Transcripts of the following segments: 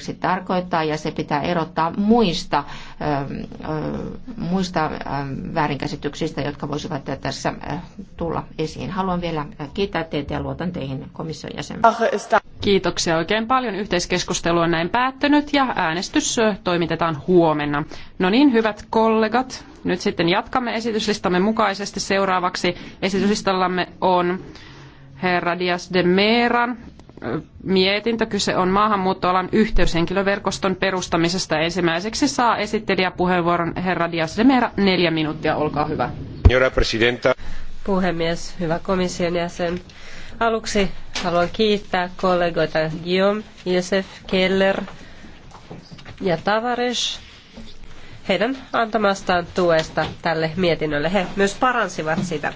yksi tarkoittaa ja se pitää erottaa muista, ähm, äh, muista ähm, väärinkäsityksistä, jotka voisivat tässä äh, tulla esiin. Haluan vielä kiittää teitä ja luotan teihin komission jäsenen. Kiitoksia oikein paljon. Yhteiskeskustelu on näin päättynyt ja äänestys äh, toimitetaan huomenna. No niin, hyvät kollegat, nyt sitten jatkamme esityslistamme mukaisesti. Seuraavaksi esityslistallamme on herra Dias de Meran mietintö. Kyse on maahanmuuttoalan yhteyshenkilöverkoston perustamisesta. Ensimmäiseksi saa esittelijäpuheenvuoron puheenvuoron herra Dias Demera. Neljä minuuttia, olkaa hyvä. Puhemies, hyvä komission jäsen. Aluksi haluan kiittää kollegoita Guillaume, Josef, Keller ja Tavares heidän antamastaan tuesta tälle mietinnölle. He myös paransivat sitä.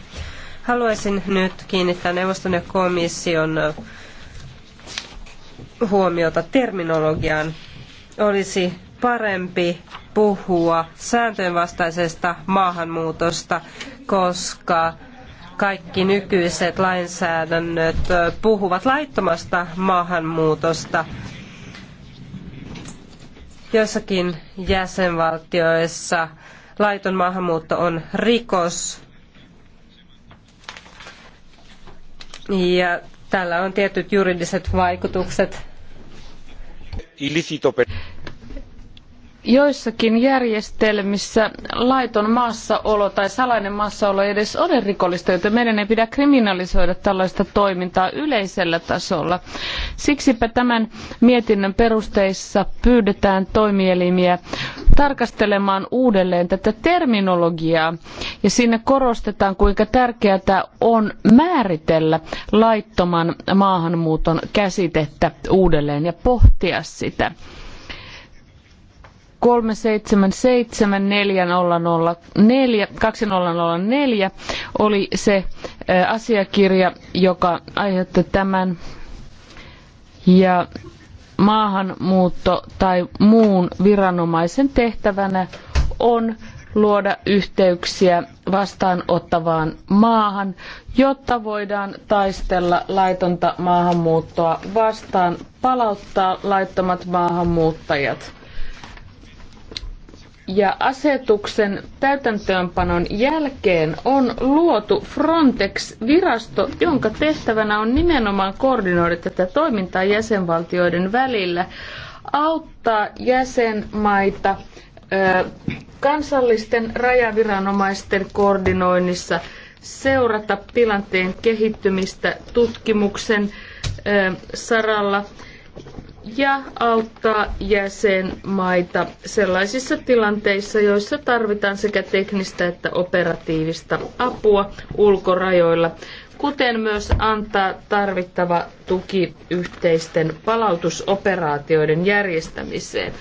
Haluaisin nyt kiinnittää neuvoston ja komission huomiota terminologiaan. Olisi parempi puhua sääntöjenvastaisesta maahanmuutosta, koska kaikki nykyiset lainsäädännöt puhuvat laittomasta maahanmuutosta. Joissakin jäsenvaltioissa laiton maahanmuutto on rikos. Ja Tällä on tietyt juridiset vaikutukset. Joissakin järjestelmissä laiton maassaolo tai salainen maassaolo ei edes ole rikollista, joten meidän ei pidä kriminalisoida tällaista toimintaa yleisellä tasolla. Siksipä tämän mietinnön perusteissa pyydetään toimielimiä tarkastelemaan uudelleen tätä terminologiaa ja siinä korostetaan, kuinka tärkeää on määritellä laittoman maahanmuuton käsitettä uudelleen ja pohtia sitä. 3774004 2004 oli se asiakirja, joka aiheutti tämän. Ja maahanmuutto tai muun viranomaisen tehtävänä on luoda yhteyksiä vastaanottavaan maahan, jotta voidaan taistella laitonta maahanmuuttoa vastaan, palauttaa laittomat maahanmuuttajat. Ja asetuksen täytäntöönpanon jälkeen on luotu Frontex-virasto, jonka tehtävänä on nimenomaan koordinoida tätä toimintaa jäsenvaltioiden välillä, auttaa jäsenmaita kansallisten rajaviranomaisten koordinoinnissa, seurata tilanteen kehittymistä tutkimuksen saralla, ja auttaa jäsenmaita sellaisissa tilanteissa, joissa tarvitaan sekä teknistä että operatiivista apua ulkorajoilla, kuten myös antaa tarvittava tuki yhteisten palautusoperaatioiden järjestämiseen.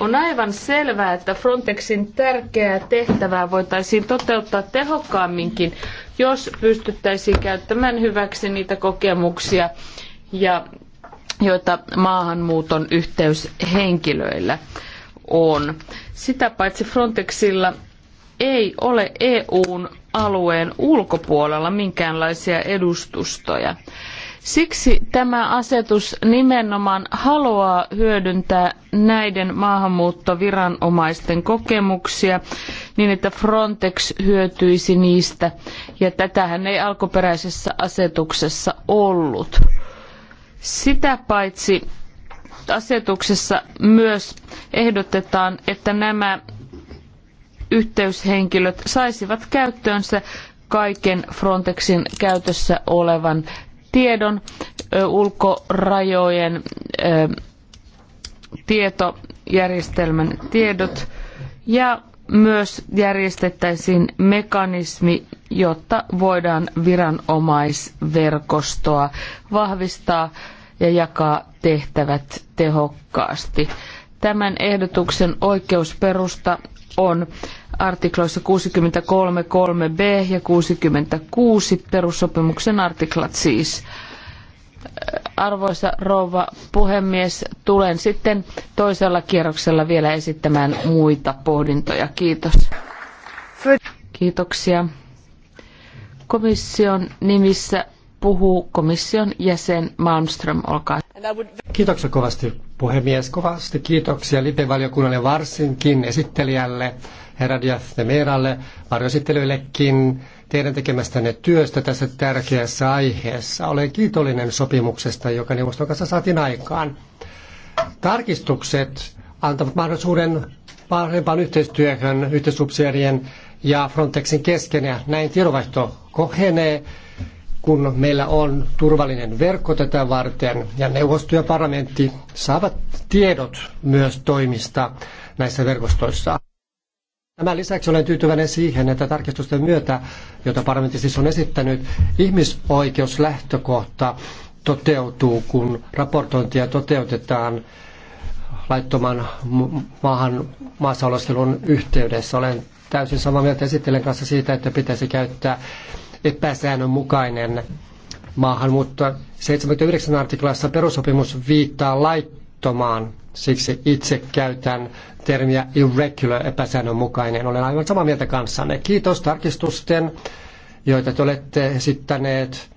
On aivan selvää, että Frontexin tärkeää tehtävää voitaisiin toteuttaa tehokkaamminkin, jos pystyttäisiin käyttämään hyväksi niitä kokemuksia ja joita maahanmuuton yhteys henkilöillä on. Sitä paitsi Frontexilla ei ole EUn alueen ulkopuolella minkäänlaisia edustustoja. Siksi tämä asetus nimenomaan haluaa hyödyntää näiden maahanmuuttoviranomaisten kokemuksia niin, että Frontex hyötyisi niistä. Ja tätähän ei alkuperäisessä asetuksessa ollut. Sitä paitsi asetuksessa myös ehdotetaan, että nämä yhteyshenkilöt saisivat käyttöönsä kaiken Frontexin käytössä olevan tiedon, ulkorajojen tietojärjestelmän tiedot ja myös järjestettäisiin mekanismi, jotta voidaan viranomaisverkostoa vahvistaa ja jakaa tehtävät tehokkaasti. Tämän ehdotuksen oikeusperusta on artikloissa 633 b ja 66 perussopimuksen artiklat siis. Arvoisa rouva puhemies, tulen sitten toisella kierroksella vielä esittämään muita pohdintoja. Kiitos. Kiitoksia. Komission nimissä puhuu komission jäsen Malmström, olkaa. Kiitoksia kovasti puhemies, kovasti kiitoksia Libe-valiokunnalle varsinkin esittelijälle, herra Diaz de varjoesittelyillekin teidän tekemästänne työstä tässä tärkeässä aiheessa. Olen kiitollinen sopimuksesta, joka neuvoston kanssa saatiin aikaan. Tarkistukset antavat mahdollisuuden parempaan yhteistyöhön yhteissubsidiarien ja Frontexin kesken ja näin tiedonvaihto kohenee kun meillä on turvallinen verkko tätä varten ja neuvosto ja parlamentti saavat tiedot myös toimista näissä verkostoissa. Tämän lisäksi olen tyytyväinen siihen, että tarkistusten myötä, jota parlamentti siis on esittänyt, ihmisoikeuslähtökohta toteutuu, kun raportointia toteutetaan laittoman maahan maassa oleskelun yhteydessä. Olen täysin samaa mieltä esittelen kanssa siitä, että pitäisi käyttää mukainen maahanmuutto. 79 artiklassa perusopimus viittaa laittomaan, siksi itse käytän termiä irregular, epäsäännönmukainen. Olen aivan samaa mieltä kanssanne. Kiitos tarkistusten, joita te olette esittäneet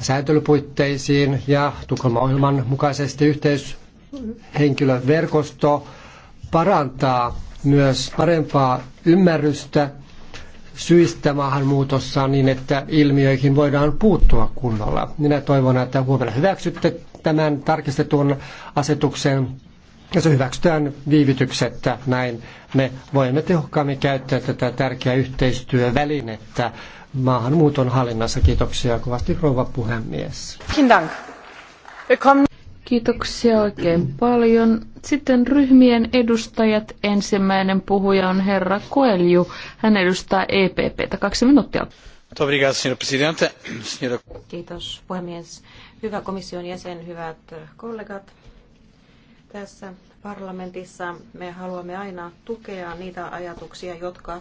sääntelypuitteisiin ja Tukholman ohjelman mukaisesti yhteishenkilöverkosto parantaa myös parempaa ymmärrystä syistä maahanmuutossa niin, että ilmiöihin voidaan puuttua kunnolla. Minä toivon, että huomenna hyväksytte tämän tarkistetun asetuksen ja se hyväksytään viivytyksettä. Näin me voimme tehokkaammin käyttää tätä tärkeää yhteistyövälinettä maahanmuuton hallinnassa. Kiitoksia kovasti rouva puhemies. Dank. Kiitoksia oikein paljon. Sitten ryhmien edustajat. Ensimmäinen puhuja on herra Koelju. Hän edustaa EPPtä. Kaksi minuuttia. Kiitos puhemies. Hyvä komission jäsen, hyvät kollegat. Tässä parlamentissa me haluamme aina tukea niitä ajatuksia, jotka,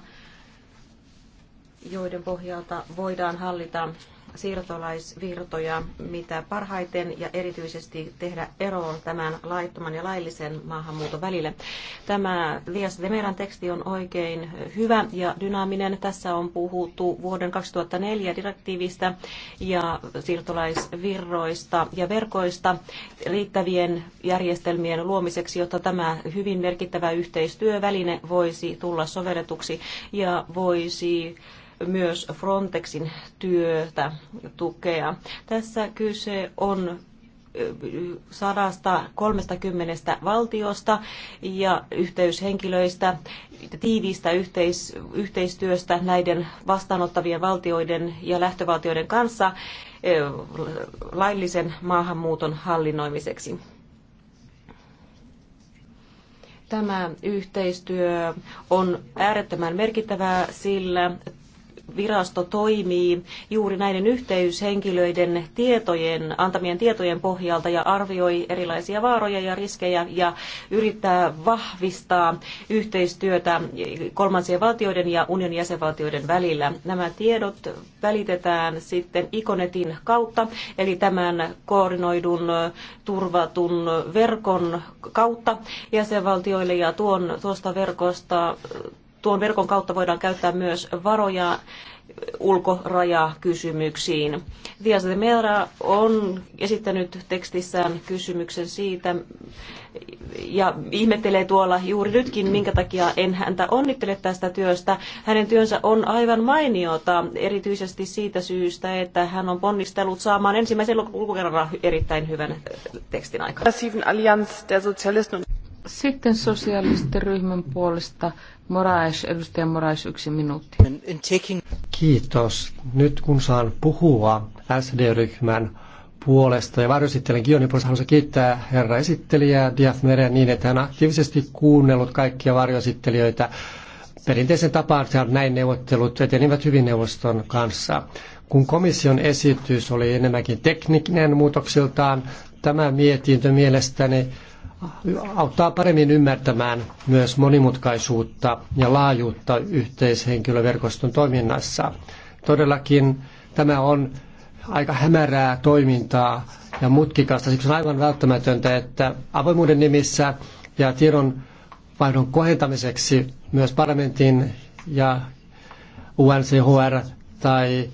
joiden pohjalta voidaan hallita siirtolaisvirtoja mitä parhaiten ja erityisesti tehdä ero tämän laittoman ja laillisen maahanmuuton välille. Tämä Lias Demeran teksti on oikein hyvä ja dynaaminen. Tässä on puhuttu vuoden 2004 direktiivistä ja siirtolaisvirroista ja verkoista riittävien järjestelmien luomiseksi, jotta tämä hyvin merkittävä yhteistyöväline voisi tulla sovelletuksi ja voisi myös Frontexin työtä tukea. Tässä kyse on 130 valtiosta ja yhteyshenkilöistä, tiiviistä yhteis- yhteistyöstä näiden vastaanottavien valtioiden ja lähtövaltioiden kanssa laillisen maahanmuuton hallinnoimiseksi tämä yhteistyö on äärettömän merkittävää, sillä virasto toimii juuri näiden yhteyshenkilöiden tietojen, antamien tietojen pohjalta ja arvioi erilaisia vaaroja ja riskejä ja yrittää vahvistaa yhteistyötä kolmansien valtioiden ja unionin jäsenvaltioiden välillä. Nämä tiedot välitetään sitten Iconetin kautta, eli tämän koordinoidun turvatun verkon kautta jäsenvaltioille ja tuon, tuosta verkosta tuon verkon kautta voidaan käyttää myös varoja ulkorajakysymyksiin. Diaz de Mera on esittänyt tekstissään kysymyksen siitä ja ihmettelee tuolla juuri nytkin, minkä takia en häntä onnittele tästä työstä. Hänen työnsä on aivan mainiota, erityisesti siitä syystä, että hän on ponnistellut saamaan ensimmäisen lukukerran erittäin hyvän tekstin aikaan. Sitten sosiaalisten ryhmän puolesta Moraes, edustaja Moraes, yksi minuutti. Kiitos. Nyt kun saan puhua SD-ryhmän puolesta ja varjosittelen Gionin puolesta haluaisin kiittää herra esittelijää Diaz Merea niin, että hän aktiivisesti kuunnellut kaikkia varjoesittelijöitä. perinteisen tapaan näin neuvottelut etenivät hyvin neuvoston kanssa. Kun komission esitys oli enemmänkin tekninen muutoksiltaan, tämä mietintö mielestäni auttaa paremmin ymmärtämään myös monimutkaisuutta ja laajuutta yhteishenkilöverkoston toiminnassa. Todellakin tämä on aika hämärää toimintaa ja mutkikasta. Siksi on aivan välttämätöntä, että avoimuuden nimissä ja tiedon vaihdon kohentamiseksi myös parlamentin ja UNCHR tai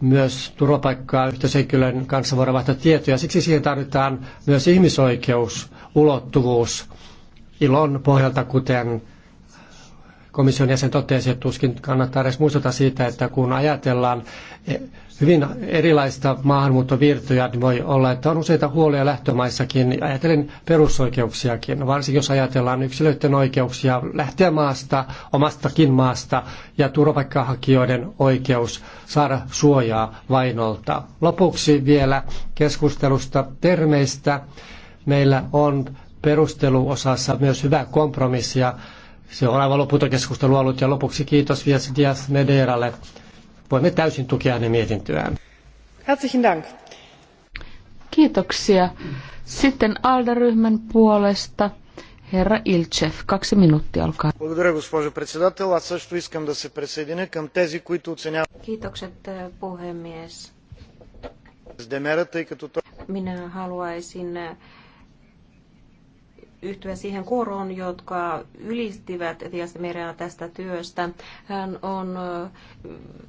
myös turvapaikkaa yhteishenkilön kanssa voidaan vaihtaa tietoja. Siksi siihen tarvitaan myös ihmisoikeusulottuvuus ilon pohjalta, kuten komission jäsen totesi, että tuskin kannattaa edes muistuttaa siitä, että kun ajatellaan e, hyvin erilaista maahanmuuttovirtoja, niin voi olla, että on useita huolia lähtömaissakin, ajatellen perusoikeuksiakin, varsinkin jos ajatellaan yksilöiden oikeuksia lähteä maasta, omastakin maasta, ja turvapaikkahakijoiden oikeus saada suojaa vainolta. Lopuksi vielä keskustelusta termeistä. Meillä on perusteluosassa myös hyvä kompromissi, ja se on aivan loputon keskustelu ollut ja lopuksi kiitos Vias Dias Voimme täysin tukea hänen mietintöään. Herzlichen Dank. Kiitoksia. Sitten ALDE-ryhmän puolesta herra Ilchev. Kaksi minuuttia, olkaa. Благодаря, госпожо председател. Аз също искам да се присъединя към тези, които оценяват. Kiitokset, puhemies. Minä haluaisin yhtyä siihen kuoroon, jotka ylistivät Diasmerea tästä työstä. Hän on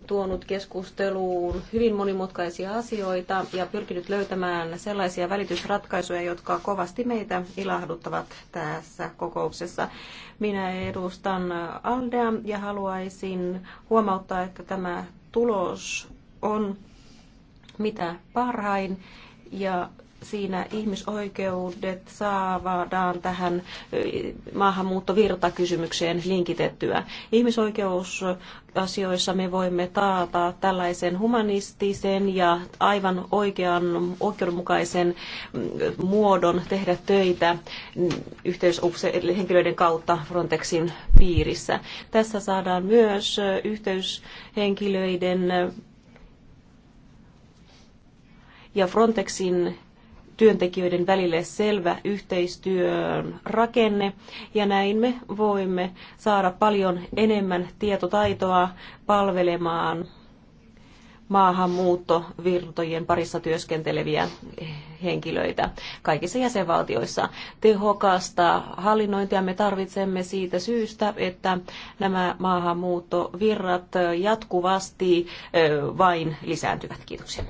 tuonut keskusteluun hyvin monimutkaisia asioita ja pyrkinyt löytämään sellaisia välitysratkaisuja, jotka kovasti meitä ilahduttavat tässä kokouksessa. Minä edustan Aldea ja haluaisin huomauttaa, että tämä tulos on mitä parhain ja siinä ihmisoikeudet saadaan tähän maahanmuuttovirtakysymykseen linkitettyä. Ihmisoikeusasioissa me voimme taata tällaisen humanistisen ja aivan oikean, oikeudenmukaisen mm, muodon tehdä töitä mm, yhteyshenkilöiden kautta Frontexin piirissä. Tässä saadaan myös yhteyshenkilöiden ja Frontexin työntekijöiden välille selvä yhteistyön rakenne ja näin me voimme saada paljon enemmän tietotaitoa palvelemaan maahanmuuttovirtojen parissa työskenteleviä henkilöitä kaikissa jäsenvaltioissa. Tehokasta hallinnointia me tarvitsemme siitä syystä, että nämä maahanmuuttovirrat jatkuvasti vain lisääntyvät. Kiitoksia.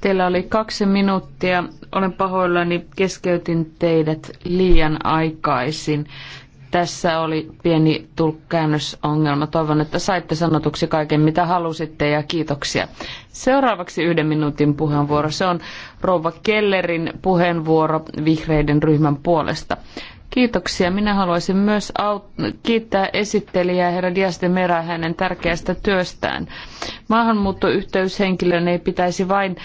Teillä oli kaksi minuuttia. Olen pahoillani, keskeytin teidät liian aikaisin. Tässä oli pieni tulkkäännösongelma. Toivon, että saitte sanotuksi kaiken, mitä halusitte ja kiitoksia. Seuraavaksi yhden minuutin puheenvuoro. Se on Rouva Kellerin puheenvuoro vihreiden ryhmän puolesta. Kiitoksia. Minä haluaisin myös kiittää esittelijää herra Dias de Mera hänen tärkeästä työstään. Maahanmuuttoyhteyshenkilön ei pitäisi vain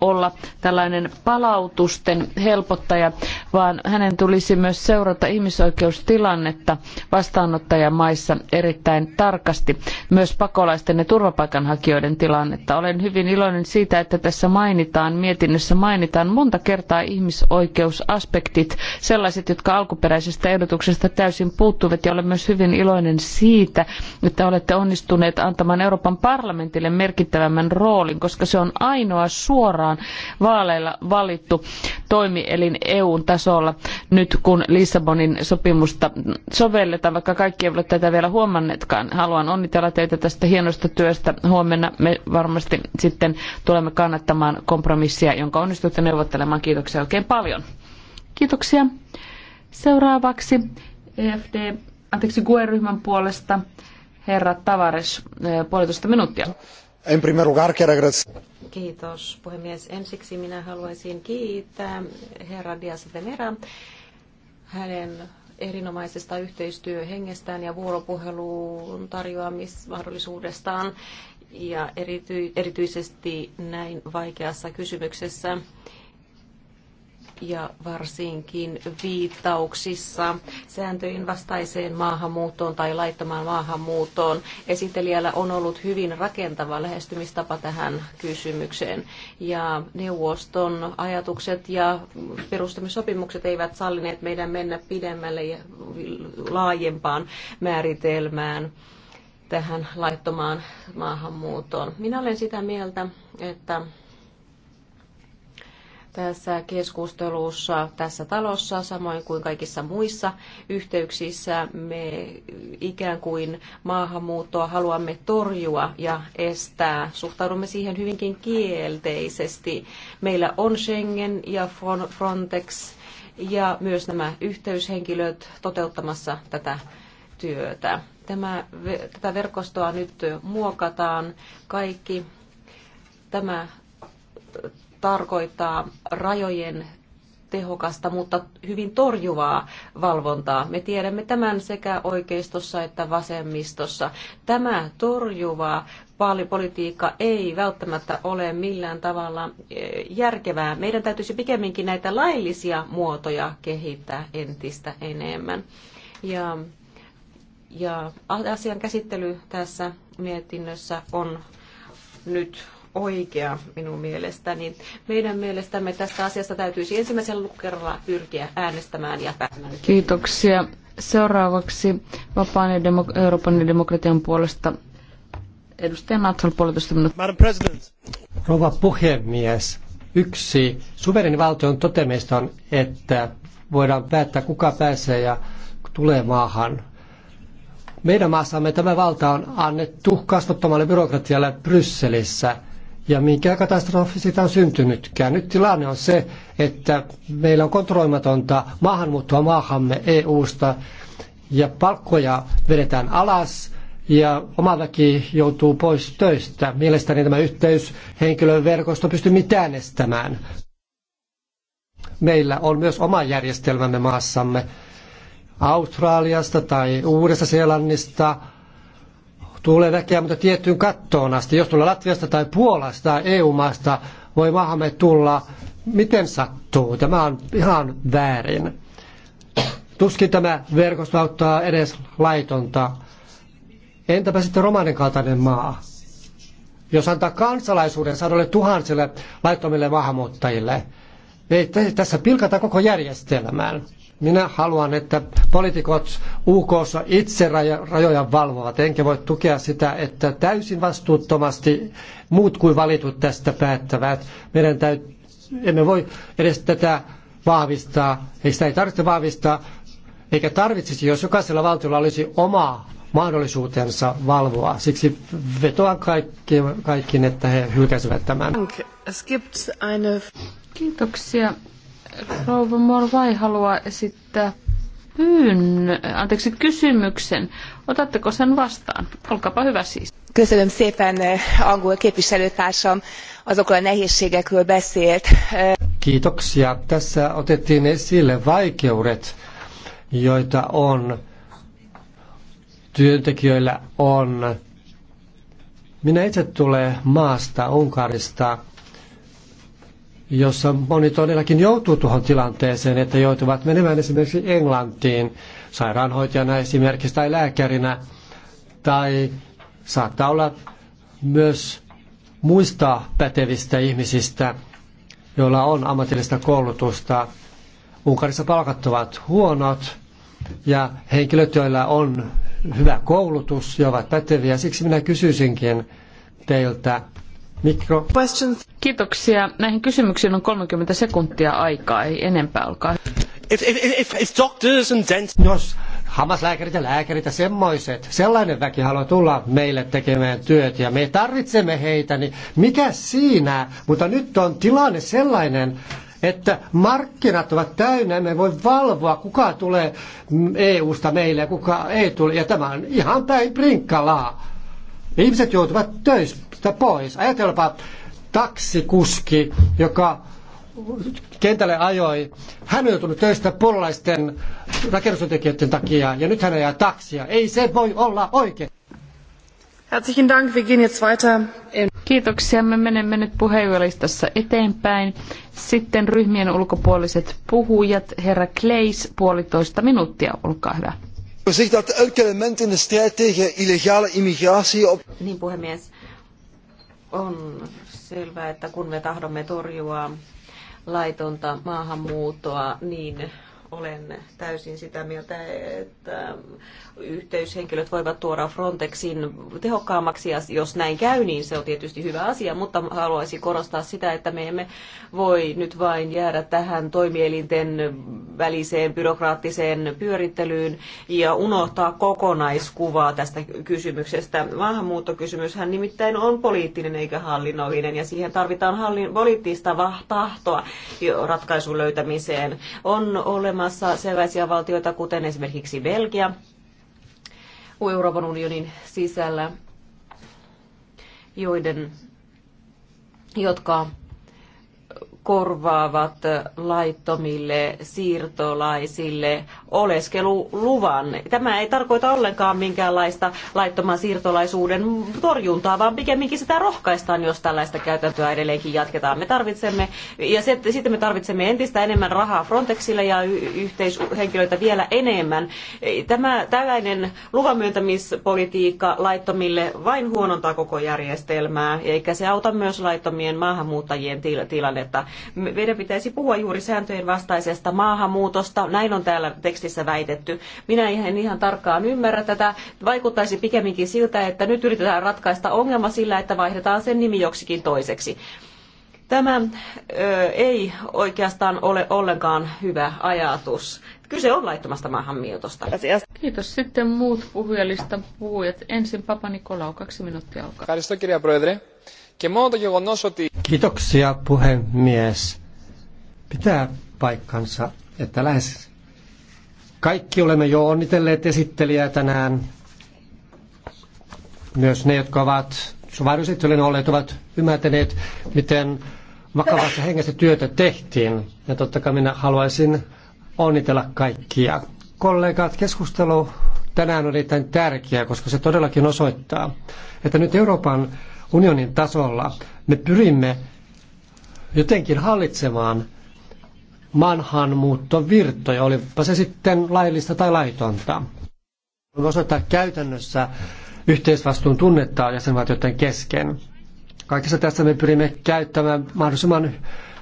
olla tällainen palautusten helpottaja, vaan hänen tulisi myös seurata ihmisoikeustilannetta vastaanottajamaissa erittäin tarkasti, myös pakolaisten ja turvapaikanhakijoiden tilannetta. Olen hyvin iloinen siitä, että tässä mainitaan, mietinnössä mainitaan monta kertaa ihmisoikeusaspektit, sellaiset, jotka alkuperäisestä ehdotuksesta täysin puuttuvat, ja olen myös hyvin iloinen siitä, että olette onnistuneet antamaan Euroopan parlamentille merkittävämmän roolin, koska se on ainoa suoraan vaaleilla valittu toimielin EUn tasolla nyt kun Lissabonin sopimusta sovelletaan, vaikka kaikki eivät ole tätä vielä huomanneetkaan. Haluan onnitella teitä tästä hienosta työstä. Huomenna me varmasti sitten tulemme kannattamaan kompromissia, jonka onnistutte neuvottelemaan. Kiitoksia oikein paljon. Kiitoksia. Seuraavaksi EFD, anteeksi, GUE-ryhmän puolesta herra Tavares, e, puolitoista minuuttia. En primer lugar, Kiitos puhemies. Ensiksi minä haluaisin kiittää herra Dias Venera hänen erinomaisesta yhteistyöhengestään ja vuoropuheluun tarjoamismahdollisuudestaan ja erity, erityisesti näin vaikeassa kysymyksessä ja varsinkin viittauksissa sääntöjen vastaiseen maahanmuuttoon tai laittomaan maahanmuuttoon. Esittelijällä on ollut hyvin rakentava lähestymistapa tähän kysymykseen. Ja neuvoston ajatukset ja perustamissopimukset eivät sallineet meidän mennä pidemmälle ja laajempaan määritelmään tähän laittomaan maahanmuuttoon. Minä olen sitä mieltä, että tässä keskustelussa tässä talossa, samoin kuin kaikissa muissa yhteyksissä me ikään kuin maahanmuuttoa haluamme torjua ja estää. Suhtaudumme siihen hyvinkin kielteisesti. Meillä on Schengen ja Frontex ja myös nämä yhteyshenkilöt toteuttamassa tätä työtä. Tämä, tätä verkostoa nyt muokataan kaikki. Tämä tarkoittaa rajojen tehokasta, mutta hyvin torjuvaa valvontaa. Me tiedämme tämän sekä oikeistossa että vasemmistossa. Tämä torjuva vaalipolitiikka ei välttämättä ole millään tavalla e, järkevää. Meidän täytyisi pikemminkin näitä laillisia muotoja kehittää entistä enemmän. Ja, ja asian käsittely tässä mietinnössä on nyt oikea minun mielestäni. Meidän mielestämme tästä asiasta täytyisi ensimmäisellä kerralla pyrkiä äänestämään ja pääsemään. Kiitoksia. Seuraavaksi vapaan ja demok- Euroopan ja demokratian puolesta edustaja Natsal puolitoista minuuttia. Madam President. Rouva puhemies, yksi suverenin valtion totemista on, että voidaan päättää kuka pääsee ja tulee maahan. Meidän maassamme tämä valta on annettu kasvottomalle byrokratialle Brysselissä – ja mikä katastrofi sitä on syntynytkään. Nyt tilanne on se, että meillä on kontrolloimatonta maahanmuuttoa maahamme EU-sta ja palkkoja vedetään alas ja oma väki joutuu pois töistä. Mielestäni tämä yhteys henkilöverkosto pystyy mitään estämään. Meillä on myös oma järjestelmämme maassamme. Australiasta tai Uudesta Seelannista – tulee väkeä, mutta tiettyyn kattoon asti. Jos tulee Latviasta tai Puolasta tai EU-maasta, voi maahamme tulla miten sattuu. Tämä on ihan väärin. Tuskin tämä verkosto auttaa edes laitonta. Entäpä sitten romanin kaltainen maa? Jos antaa kansalaisuuden sadolle tuhansille laittomille maahanmuuttajille, ei tässä pilkata koko järjestelmään. Minä haluan, että poliitikot UKssa itse rajoja valvovat, enkä voi tukea sitä, että täysin vastuuttomasti muut kuin valitut tästä päättävät. Meidän täytyy, emme voi edes tätä vahvistaa, ei sitä ei tarvitse vahvistaa, eikä tarvitsisi, jos jokaisella valtiolla olisi oma mahdollisuutensa valvoa. Siksi vetoan kaikki, kaikkiin, että he hylkäisivät tämän. Kiitoksia. Rouva Morvai haluaa esittää pyynnö, anteeksi, kysymyksen. Otatteko sen vastaan? Olkaapa hyvä siis. Köszönöm szépen, eh, angol képviselőtársam azokról a nehézségekről beszélt. Kiitoksia. Tässä otettiin esille vaikeudet, joita on työntekijöillä on. Minä itse tulen maasta Unkarista, jossa moni todellakin joutuu tuohon tilanteeseen, että joutuvat menemään esimerkiksi Englantiin sairaanhoitajana esimerkiksi tai lääkärinä. Tai saattaa olla myös muista pätevistä ihmisistä, joilla on ammatillista koulutusta. Unkarissa palkat ovat huonot ja henkilöt, joilla on hyvä koulutus ja ovat päteviä. Siksi minä kysyisinkin teiltä, Mikro. Kiitoksia. Näihin kysymyksiin on 30 sekuntia aikaa, ei enempää olkaa. If, if, if, doctors and dentists... Jos hammaslääkärit ja lääkärit ja semmoiset, sellainen väki haluaa tulla meille tekemään työt ja me tarvitsemme heitä, niin mikä siinä? Mutta nyt on tilanne sellainen, että markkinat ovat täynnä, me voi valvoa, kuka tulee mm, EU-sta meille ja kuka ei tule. Ja tämä on ihan päin prinkkalaa. Ihmiset joutuvat töistä pois. Ajatelpa taksikuski, joka kentälle ajoi. Hän on joutunut töistä puolalaisten rakennustyöntekijöiden takia ja nyt hän ajaa taksia. Ei se voi olla oikein. Herzlichen Dank. Wir gehen jetzt weiter. Kiitoksia. Me menemme nyt puheenjohtajassa eteenpäin. Sitten ryhmien ulkopuoliset puhujat. Herra Kleis, puolitoista minuuttia. Olkaa hyvä zegt dat elk element in de strijd tegen illegale immigratie op... Niin puhemies, on selvää, että kun me tahdomme torjua laitonta maahanmuuttoa, niin olen täysin sitä mieltä, että yhteyshenkilöt voivat tuoda Frontexin tehokkaammaksi ja jos näin käy, niin se on tietysti hyvä asia, mutta haluaisin korostaa sitä, että me emme voi nyt vain jäädä tähän toimielinten väliseen byrokraattiseen pyörittelyyn ja unohtaa kokonaiskuvaa tästä kysymyksestä. Maahanmuuttokysymyshän nimittäin on poliittinen eikä hallinnollinen ja siihen tarvitaan hallin- poliittista tahtoa ratkaisun löytämiseen. On olemassa olemassa sellaisia valtioita, kuten esimerkiksi Belgia, Euroopan unionin sisällä, joiden, jotka korvaavat laittomille siirtolaisille oleskeluluvan. Tämä ei tarkoita ollenkaan minkäänlaista laittoman siirtolaisuuden torjuntaa, vaan pikemminkin sitä rohkaistaan, jos tällaista käytäntöä edelleenkin jatketaan. Me tarvitsemme, ja sitten me tarvitsemme entistä enemmän rahaa Frontexille ja yhteishenkilöitä vielä enemmän. Tämä tällainen luvanmyöntämispolitiikka laittomille vain huonontaa koko järjestelmää, eikä se auta myös laittomien maahanmuuttajien tilannetta. Meidän pitäisi puhua juuri sääntöjen vastaisesta maahanmuutosta. Näin on täällä tekstissä väitetty. Minä en ihan tarkkaan ymmärrä tätä. Vaikuttaisi pikemminkin siltä, että nyt yritetään ratkaista ongelma sillä, että vaihdetaan sen nimi joksikin toiseksi. Tämä ö, ei oikeastaan ole ollenkaan hyvä ajatus. Kyse on laittomasta maahanmuutosta. Kiitos. Sitten muut puhujalista puhujat. Ensin Papa Nikolau, kaksi minuuttia alkaa. Kiitos, κυρία Πρόεδρε. Και μόνο το γεγονός ότι... Kiitoksia puhemies. Pitää paikkansa, että lähes kaikki olemme jo onnitelleet esittelijää tänään. Myös ne, jotka ovat suvaruusittelijöiden olleet, ovat ymmärtäneet, miten vakavassa hengessä työtä tehtiin. Ja totta kai minä haluaisin onnitella kaikkia. Kollegat, keskustelu tänään on erittäin tärkeä, koska se todellakin osoittaa, että nyt Euroopan unionin tasolla me pyrimme jotenkin hallitsemaan maahanmuuttovirtoja, olipa se sitten laillista tai laitonta. On osoittaa käytännössä yhteisvastuun tunnetta jäsenvaltioiden kesken. Kaikessa tässä me pyrimme käyttämään mahdollisimman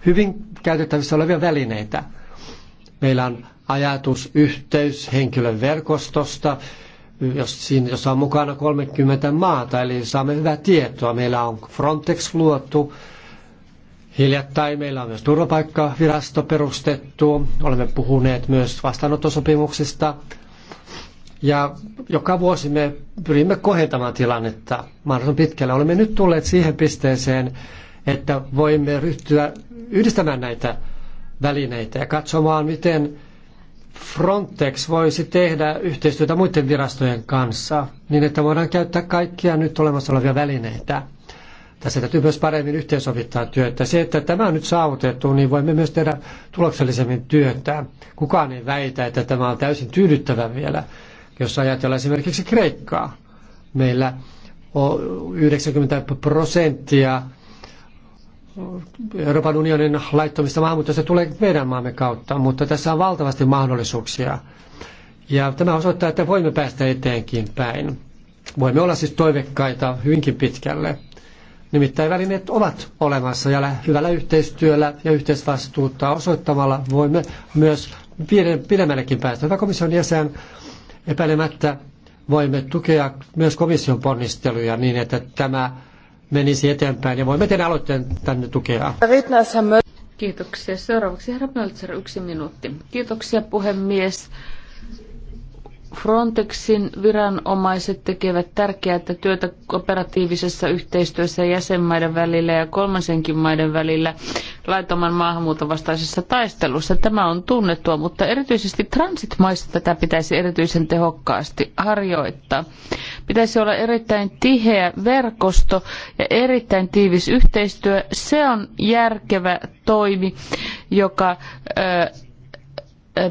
hyvin käytettävissä olevia välineitä. Meillä on ajatus yhteys henkilön verkostosta, jos siinä jos on mukana 30 maata, eli saamme hyvää tietoa. Meillä on Frontex luotu, hiljattain meillä on myös turvapaikkavirasto perustettu, olemme puhuneet myös vastaanottosopimuksista, ja joka vuosi me pyrimme kohentamaan tilannetta mahdollisimman pitkälle. Olemme nyt tulleet siihen pisteeseen, että voimme ryhtyä yhdistämään näitä välineitä ja katsomaan, miten Frontex voisi tehdä yhteistyötä muiden virastojen kanssa niin, että voidaan käyttää kaikkia nyt olemassa olevia välineitä. Tässä täytyy myös paremmin yhteensovittaa työtä. Se, että tämä on nyt saavutettu, niin voimme myös tehdä tuloksellisemmin työtä. Kukaan ei väitä, että tämä on täysin tyydyttävä vielä, jos ajatellaan esimerkiksi Kreikkaa. Meillä on 90 prosenttia Euroopan unionin laittomista se tulee meidän maamme kautta, mutta tässä on valtavasti mahdollisuuksia. Ja tämä osoittaa, että voimme päästä eteenkin päin. Voimme olla siis toivekkaita hyvinkin pitkälle. Nimittäin välineet ovat olemassa ja hyvällä yhteistyöllä ja yhteisvastuutta osoittamalla voimme myös pidemmällekin päästä. Hyvä komission jäsen, epäilemättä voimme tukea myös komission ponnisteluja niin, että tämä menisi eteenpäin ja voimme tehdä aloitteen tänne tukea. Kiitoksia. Seuraavaksi herra Möltser, yksi minuutti. Kiitoksia puhemies. Frontexin viranomaiset tekevät tärkeää työtä operatiivisessa yhteistyössä jäsenmaiden välillä ja kolmansenkin maiden välillä laittoman maahanmuuton vastaisessa taistelussa. Tämä on tunnettua, mutta erityisesti transitmaissa tätä pitäisi erityisen tehokkaasti harjoittaa. Pitäisi olla erittäin tiheä verkosto ja erittäin tiivis yhteistyö. Se on järkevä toimi, joka... Ö,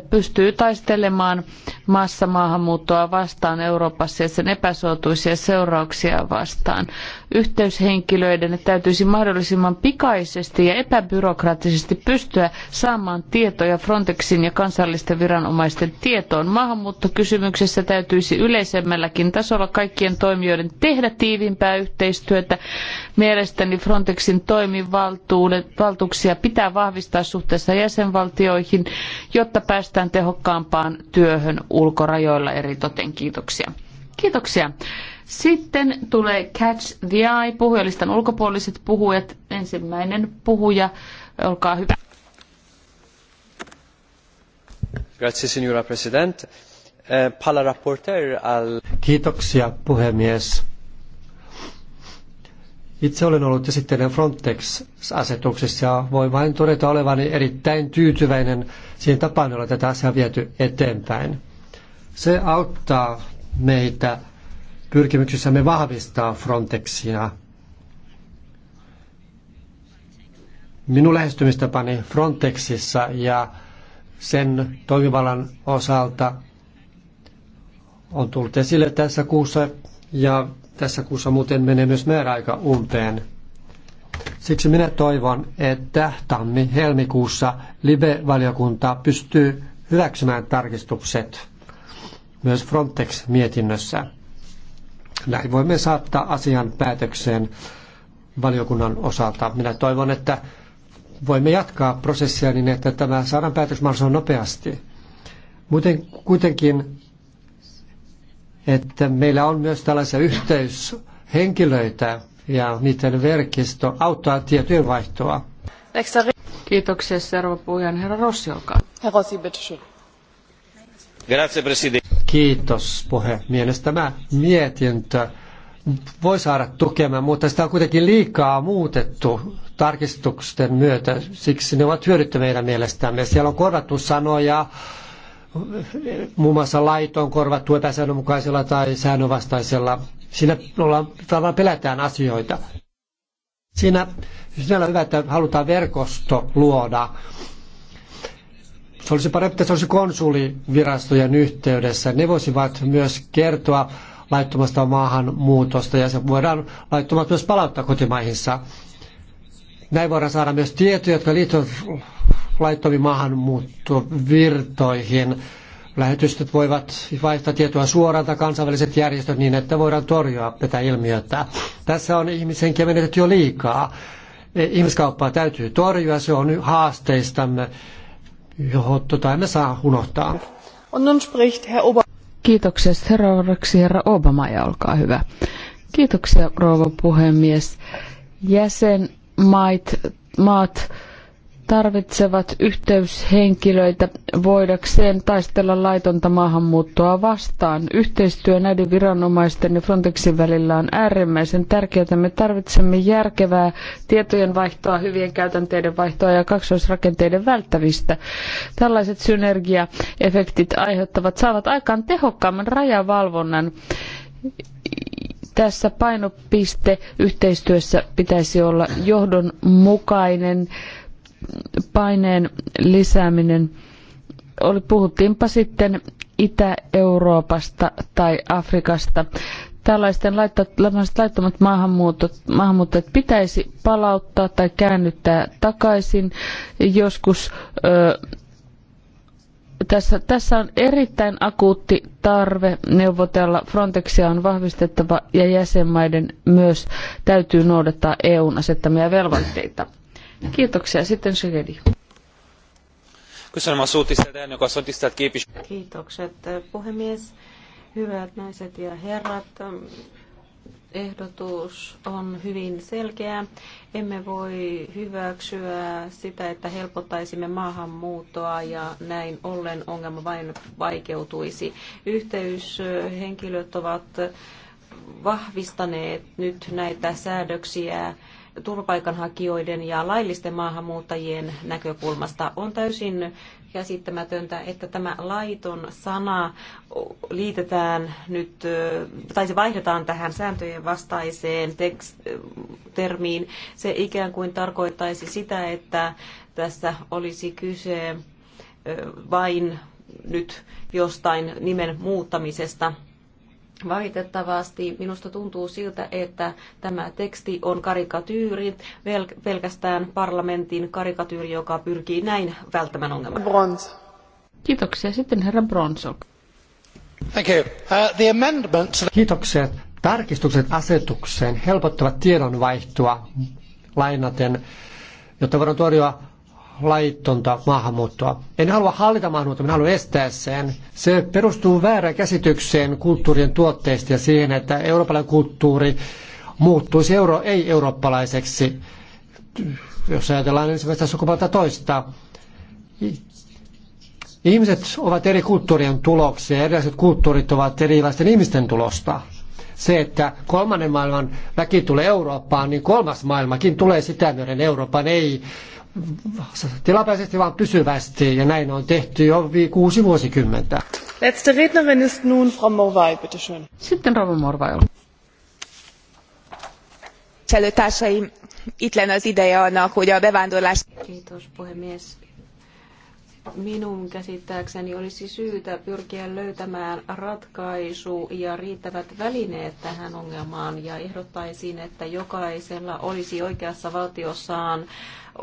pystyy taistelemaan massamaahanmuuttoa vastaan Euroopassa ja sen epäsuotuisia seurauksia vastaan. Yhteyshenkilöiden täytyisi mahdollisimman pikaisesti ja epäbyrokraattisesti pystyä saamaan tietoja Frontexin ja kansallisten viranomaisten tietoon. Maahanmuuttokysymyksessä täytyisi yleisemmälläkin tasolla kaikkien toimijoiden tehdä tiiviimpää yhteistyötä. Mielestäni Frontexin toimivaltuuksia pitää vahvistaa suhteessa jäsenvaltioihin, jotta päästään tehokkaampaan työhön ulkorajoilla eritoten. Kiitoksia. Kiitoksia. Sitten tulee Catch the Eye, puhujalistan ulkopuoliset puhujat. Ensimmäinen puhuja, olkaa hyvä. Grazie, signora Presidente. Eh, pala al... Kiitoksia, puhemies. Itse olen ollut esittelen Frontex-asetuksessa ja voin vain todeta olevani erittäin tyytyväinen siihen tapaan, jolla tätä asiaa viety eteenpäin. Se auttaa meitä pyrkimyksissämme vahvistaa Frontexia. Minun lähestymistapani Frontexissa ja sen toimivallan osalta on tullut esille tässä kuussa ja tässä kuussa muuten menee myös määräaika umpeen. Siksi minä toivon, että tammi-helmikuussa Libe-valiokunta pystyy hyväksymään tarkistukset myös Frontex-mietinnössä. Näin voimme saattaa asian päätökseen valiokunnan osalta. Minä toivon, että voimme jatkaa prosessia niin, että tämä saadaan päätös mahdollisimman nopeasti. Muuten kuitenkin että meillä on myös tällaisia yhteyshenkilöitä ja niiden verkisto auttaa tietyn vaihtoa. Kiitoksia, rouva puheen. Herra Rossi, olkaa. Herra Rossi, Kiitos puhemies. Tämä mietintö voi saada tukemaan, mutta sitä on kuitenkin liikaa muutettu tarkistusten myötä. Siksi ne ovat hyödyttä meidän mielestämme. Siellä on korvattu sanoja muun muassa laitoon korvattu epäsäännönmukaisella tai säännönvastaisella. Siinä ollaan, tavallaan pelätään asioita. Siinä siinä on hyvä, että halutaan verkosto luoda. Se olisi parempi, että se olisi konsulivirastojen yhteydessä. Ne voisivat myös kertoa laittomasta maahanmuutosta ja se voidaan laittomat myös palauttaa kotimaihinsa. Näin voidaan saada myös tietoja, jotka liittyvät maahanmuutto virtoihin Lähetystöt voivat vaihtaa tietoa suoralta kansainväliset järjestöt niin, että voidaan torjua tätä ilmiötä. Tässä on ihmishenkiä menetetty jo liikaa. E, ihmiskauppaa täytyy torjua, se on haasteistamme, johon tota emme saa unohtaa. Kiitoksia. Seuraavaksi herra Obama ja olkaa hyvä. Kiitoksia rouva puhemies. Jäsenmaat maat tarvitsevat yhteyshenkilöitä voidakseen taistella laitonta maahanmuuttoa vastaan. Yhteistyö näiden viranomaisten ja Frontexin välillä on äärimmäisen tärkeää. Me tarvitsemme järkevää tietojen vaihtoa, hyvien käytänteiden vaihtoa ja kaksoisrakenteiden välttävistä. Tällaiset synergiaefektit aiheuttavat, saavat aikaan tehokkaamman rajavalvonnan tässä painopiste yhteistyössä pitäisi olla johdonmukainen paineen lisääminen. Oli, puhuttiinpa sitten Itä-Euroopasta tai Afrikasta. Tällaisten laittomat maahanmuutot, maahanmuuttajat pitäisi palauttaa tai käännyttää takaisin. Joskus ö, tässä, tässä on erittäin akuutti tarve neuvotella. Frontexia on vahvistettava ja jäsenmaiden myös täytyy noudattaa EUn asettamia velvoitteita. Kiitoksia. Sitten Segedi. Köszönöm a szót, tisztelt elnök asszony, tisztelt Kiitokset puhemies. Hyvät naiset ja herrat, ehdotus on hyvin selkeä. Emme voi hyväksyä sitä, että helpottaisimme maahanmuuttoa ja näin ollen ongelma vain vaikeutuisi. Yhteyshenkilöt ovat vahvistaneet nyt näitä säädöksiä turvapaikanhakijoiden ja laillisten maahanmuuttajien näkökulmasta. On täysin käsittämätöntä, että tämä laiton sana liitetään nyt, tai se vaihdetaan tähän sääntöjen vastaiseen tekst- termiin. Se ikään kuin tarkoittaisi sitä, että tässä olisi kyse vain nyt jostain nimen muuttamisesta Valitettavasti minusta tuntuu siltä, että tämä teksti on karikatyyri, pelkästään parlamentin karikatyyri, joka pyrkii näin välttämään ongelman. Brons. Kiitoksia. Sitten herra Bronsok. Thank you. Uh, the amendments, kiitoksia, Tarkistukset asetukseen helpottavat tiedonvaihtoa lainaten, jotta voidaan torjua laitonta maahanmuuttoa. En halua hallita maahanmuuttoa, minä haluan estää sen. Se perustuu väärään käsitykseen kulttuurien tuotteista ja siihen, että eurooppalainen kulttuuri muuttuisi euro ei-eurooppalaiseksi, jos ajatellaan ensimmäistä sukupuolta toista. Ihmiset ovat eri kulttuurien tuloksia, erilaiset kulttuurit ovat erilaisten ihmisten tulosta se, että kolmannen maailman väki tulee Eurooppaan, niin kolmas maailmakin tulee sitä myöden Euroopan, ei tilapäisesti vaan pysyvästi, ja näin on tehty jo kuusi vuosikymmentä. Letzte Rednerin ist nun Frau Morvai, bitte schön. Sitten Rova Morvai. Selőtársaim, itt lenne az ideje annak, hogy a bevándorlás... Kiitos puhemies Minun käsittääkseni olisi syytä pyrkiä löytämään ratkaisu ja riittävät välineet tähän ongelmaan ja ehdottaisin, että jokaisella olisi oikeassa valtiossaan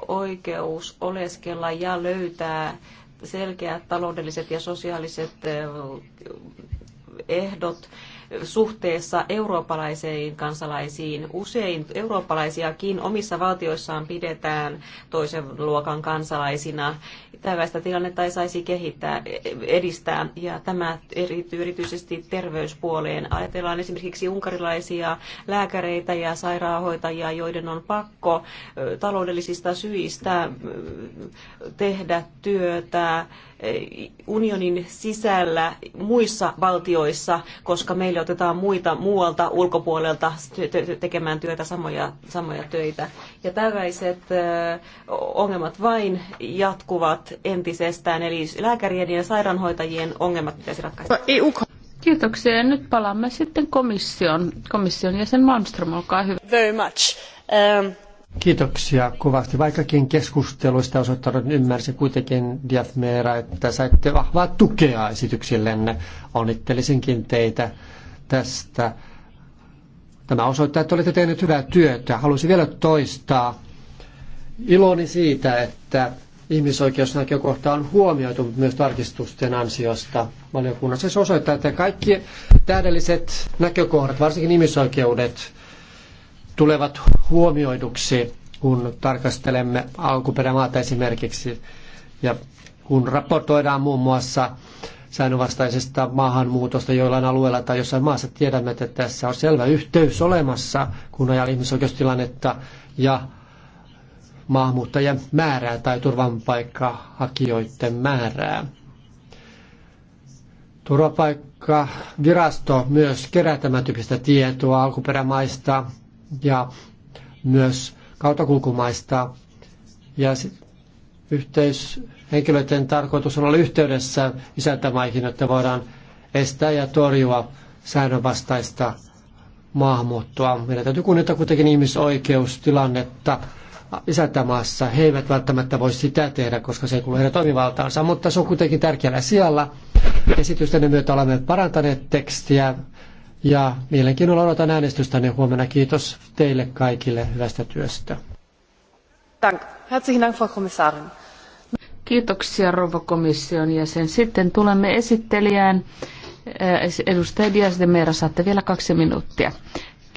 oikeus oleskella ja löytää selkeät taloudelliset ja sosiaaliset eh, ehdot suhteessa eurooppalaisiin kansalaisiin. Usein eurooppalaisiakin omissa valtioissaan pidetään toisen luokan kansalaisina tällaista tilannetta ei saisi kehittää, edistää. Ja tämä erityy erityisesti terveyspuoleen. Ajatellaan esimerkiksi unkarilaisia lääkäreitä ja sairaanhoitajia, joiden on pakko taloudellisista syistä tehdä työtä unionin sisällä muissa valtioissa, koska meille otetaan muita muualta ulkopuolelta tekemään työtä samoja, samoja töitä. Ja tällaiset ongelmat vain jatkuvat entisestään, eli lääkärien ja sairaanhoitajien ongelmat pitäisi ratkaista. E Kiitoksia. Ja nyt palaamme sitten komission. Komission jäsen Malmström, olkaa hyvä. Very much. Um... Kiitoksia kovasti. Vaikkakin keskusteluista osoittanut ymmärsi kuitenkin Diafmeera, että saitte vahvaa tukea esityksillenne. Onnittelisinkin teitä tästä. Tämä osoittaa, että olette tehneet hyvää työtä. Haluaisin vielä toistaa iloni siitä, että ihmisoikeusnäkökohta on huomioitu myös tarkistusten ansiosta valiokunnassa. Se osoittaa, että kaikki tähdelliset näkökohdat, varsinkin ihmisoikeudet, tulevat huomioiduksi, kun tarkastelemme alkuperämaata esimerkiksi ja kun raportoidaan muun muassa säännönvastaisesta maahanmuutosta joillain alueella tai jossain maassa tiedämme, että tässä on selvä yhteys olemassa, kun ajan ihmisoikeustilannetta ja maahanmuuttajien määrää tai turvapaikkahakijoiden määrää. Turvapaikkavirasto myös kerää tämän tyyppistä tietoa alkuperämaista ja myös kautokulkumaista. Ja yhteishenkilöiden tarkoitus on olla yhteydessä isäntämaihin, että voidaan estää ja torjua säännönvastaista maahanmuuttoa. Meidän täytyy kunnioittaa kuitenkin ihmisoikeustilannetta isäntämaassa. He eivät välttämättä voi sitä tehdä, koska se ei kuulu heidän toimivaltaansa, mutta se on kuitenkin tärkeällä sijalla. Esitysten myötä olemme parantaneet tekstiä ja mielenkiinnolla odotan äänestystänne huomenna. Kiitos teille kaikille hyvästä työstä. Dank. Herzlichen Dank, Frau Kommissarin. Kiitoksia rouva komission jäsen. Sitten tulemme esittelijään. Edustaja Dias de Mera, saatte vielä kaksi minuuttia.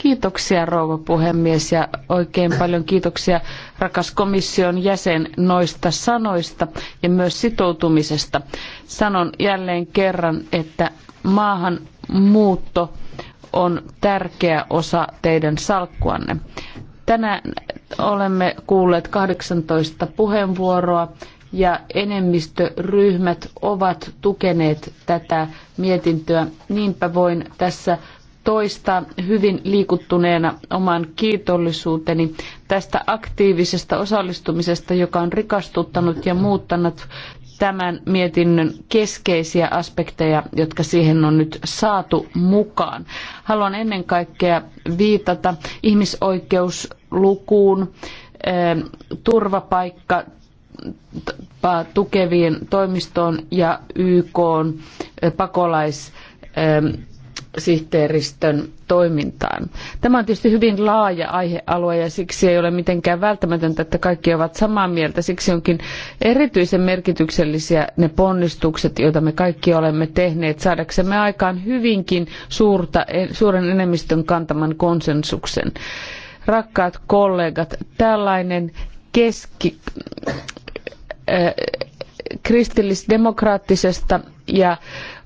Kiitoksia rouva puhemies ja oikein paljon kiitoksia rakas komission jäsen noista sanoista ja myös sitoutumisesta. Sanon jälleen kerran, että maahanmuutto on tärkeä osa teidän salkkuanne. Tänään olemme kuulleet 18 puheenvuoroa ja enemmistöryhmät ovat tukeneet tätä mietintöä. Niinpä voin tässä toistaa hyvin liikuttuneena oman kiitollisuuteni tästä aktiivisesta osallistumisesta, joka on rikastuttanut ja muuttanut tämän mietinnön keskeisiä aspekteja, jotka siihen on nyt saatu mukaan. Haluan ennen kaikkea viitata ihmisoikeuslukuun, eh, turvapaikka tukevien toimistoon ja YK eh, pakolais eh, sihteeristön toimintaan. Tämä on tietysti hyvin laaja aihealue ja siksi ei ole mitenkään välttämätöntä, että kaikki ovat samaa mieltä. Siksi onkin erityisen merkityksellisiä ne ponnistukset, joita me kaikki olemme tehneet saadaksemme aikaan hyvinkin suurta, suuren enemmistön kantaman konsensuksen. Rakkaat kollegat, tällainen keski kristillisdemokraattisesta ja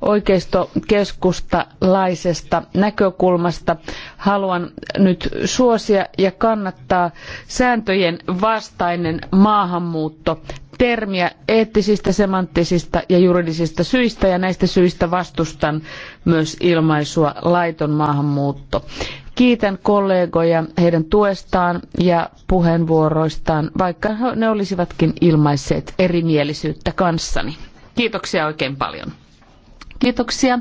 oikeistokeskustalaisesta näkökulmasta haluan nyt suosia ja kannattaa sääntöjen vastainen maahanmuutto termiä eettisistä, semanttisista ja juridisista syistä ja näistä syistä vastustan myös ilmaisua laiton maahanmuutto. Kiitän kollegoja heidän tuestaan ja puheenvuoroistaan, vaikka ne olisivatkin ilmaisseet erimielisyyttä kanssani. Kiitoksia oikein paljon. Kiitoksia.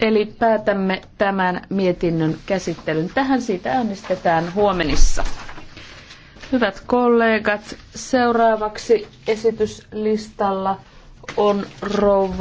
Eli päätämme tämän mietinnön käsittelyn. Tähän siitä äänestetään huomenissa. Hyvät kollegat, seuraavaksi esityslistalla on rouva